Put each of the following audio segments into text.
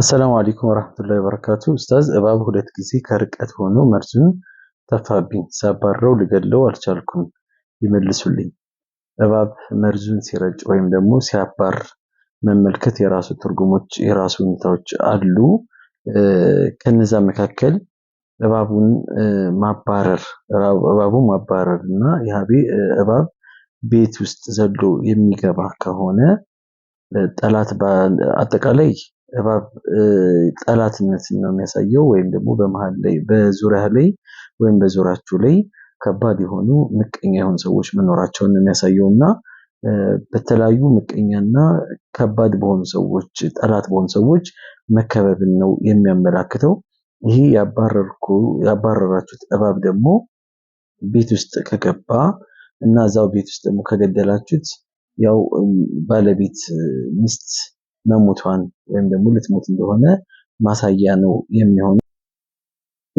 አሰላሙ አለይኩም ወራህመቱላሂ ወበረካቱ። ኡስታዝ እባብ ሁለት ጊዜ ከርቀት ሆኖ መርዙን ተፋብኝ፣ ሳባረው ልገድለው አልቻልኩም። ይመልሱልኝ። እባብ መርዙን ሲረጭ ወይም ደግሞ ሲያባር መመልከት የራሱ ትርጉሞች፣ የራሱ ሁኔታዎች አሉ። ከነዛ መካከል እባቡን ማባረር እባቡ ማባረር እና ይሃቢ እባብ ቤት ውስጥ ዘሎ የሚገባ ከሆነ ጠላት አጠቃላይ እባብ ጠላትነትን ነው የሚያሳየው ወይም ደግሞ በመሃል ላይ በዙሪያ ላይ ወይም በዙሪያችሁ ላይ ከባድ የሆኑ ምቀኛ የሆኑ ሰዎች መኖራቸውን የሚያሳየው እና በተለያዩ ምቀኛና ከባድ በሆኑ ሰዎች ጠላት በሆኑ ሰዎች መከበብን ነው የሚያመላክተው። ይህ ያባረራችሁት እባብ ደግሞ ቤት ውስጥ ከገባ እና እዛው ቤት ውስጥ ደግሞ ከገደላችሁት ያው ባለቤት ሚስት መሞቷን ወይም ደግሞ ልትሞት እንደሆነ ማሳያ ነው የሚሆነው።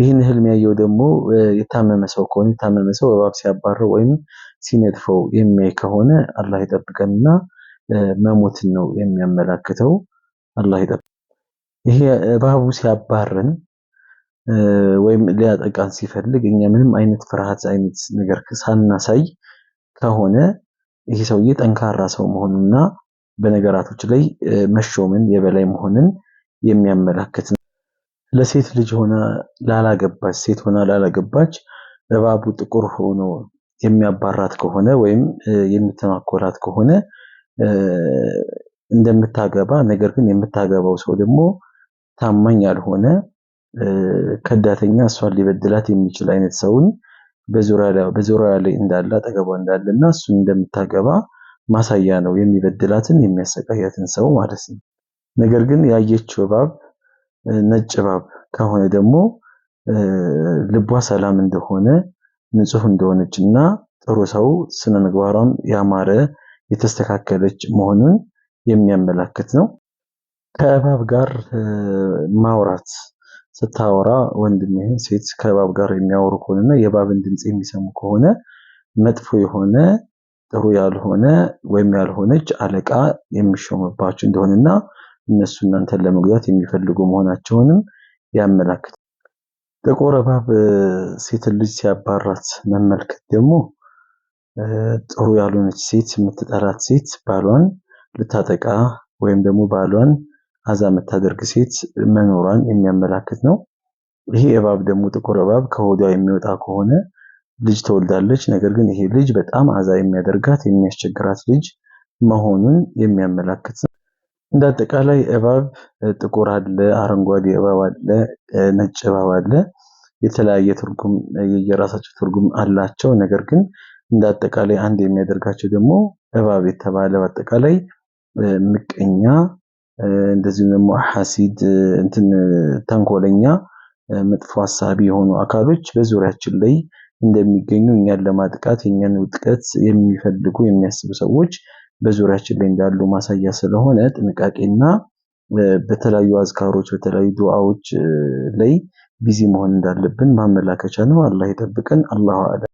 ይህን ህልም ያየው ደግሞ የታመመ ሰው ከሆነ የታመመ ሰው እባብ ሲያባረው ወይም ሲነጥፈው የሚያይ ከሆነ አላህ ይጠብቀንና መሞትን ነው የሚያመላክተው። አላህ ይጠብቀን። ይሄ እባቡ ሲያባርን ወይም ሊያጠቃን ሲፈልግ እኛ ምንም አይነት ፍርሃት አይነት ነገር ሳናሳይ ከሆነ ይህ ሰውዬ ጠንካራ ሰው መሆኑና በነገራቶች ላይ መሾምን የበላይ መሆንን የሚያመላክት ነው። ለሴት ልጅ ሆና ላላገባች ሴት ሆና ላላገባች እባቡ ጥቁር ሆኖ የሚያባራት ከሆነ ወይም የሚተናኮላት ከሆነ እንደምታገባ ነገር ግን የምታገባው ሰው ደግሞ ታማኝ ያልሆነ ከዳተኛ፣ እሷን ሊበድላት የሚችል አይነት ሰውን በዙሪያ ላይ እንዳለ አጠገቧ እንዳለ እና እሱን እንደምታገባ ማሳያ ነው። የሚበድላትን የሚያሰቃያትን ሰው ማለት ነው። ነገር ግን ያየችው እባብ ነጭ እባብ ከሆነ ደግሞ ልቧ ሰላም እንደሆነ ንጹህ እንደሆነች እና ጥሩ ሰው ስነ ምግባሯም ያማረ የተስተካከለች መሆኑን የሚያመላክት ነው። ከእባብ ጋር ማውራት ስታወራ ወንድም ሴት ከእባብ ጋር የሚያወሩ ከሆነና የእባብን ድምፅ የሚሰሙ ከሆነ መጥፎ የሆነ ጥሩ ያልሆነ ወይም ያልሆነች አለቃ የሚሾምባቸው እንደሆነና እነሱ እናንተን ለመጉዳት የሚፈልጉ መሆናቸውንም ያመላክታል። ጥቁር እባብ ሴትን ልጅ ሲያባራት መመልከት ደግሞ ጥሩ ያልሆነች ሴት የምትጠላት ሴት ባሏን ልታጠቃ ወይም ደግሞ ባሏን አዛ የምታደርግ ሴት መኖሯን የሚያመላክት ነው። ይሄ እባብ ደግሞ ጥቁር እባብ ከሆዷ የሚወጣ ከሆነ ልጅ ተወልዳለች። ነገር ግን ይሄ ልጅ በጣም አዛ የሚያደርጋት የሚያስቸግራት ልጅ መሆኑን የሚያመላክት ነው። እንደ አጠቃላይ እባብ ጥቁር አለ፣ አረንጓዴ እባብ አለ፣ ነጭ እባብ አለ። የተለያየ ትርጉም የየራሳቸው ትርጉም አላቸው። ነገር ግን እንደ አጠቃላይ አንድ የሚያደርጋቸው ደግሞ እባብ የተባለ በአጠቃላይ ምቀኛ፣ እንደዚሁም ደግሞ ሐሲድ፣ እንትን ተንኮለኛ፣ መጥፎ ሀሳቢ የሆኑ አካሎች በዙሪያችን ላይ እንደሚገኙ እኛን ለማጥቃት የኛን ውጥቀት የሚፈልጉ የሚያስቡ ሰዎች በዙሪያችን ላይ እንዳሉ ማሳያ ስለሆነ ጥንቃቄና በተለያዩ አዝካሮች በተለያዩ ዱዓዎች ላይ ቢዚ መሆን እንዳለብን ማመላከቻ ነው። አላህ ይጠብቀን። አላሁ አለም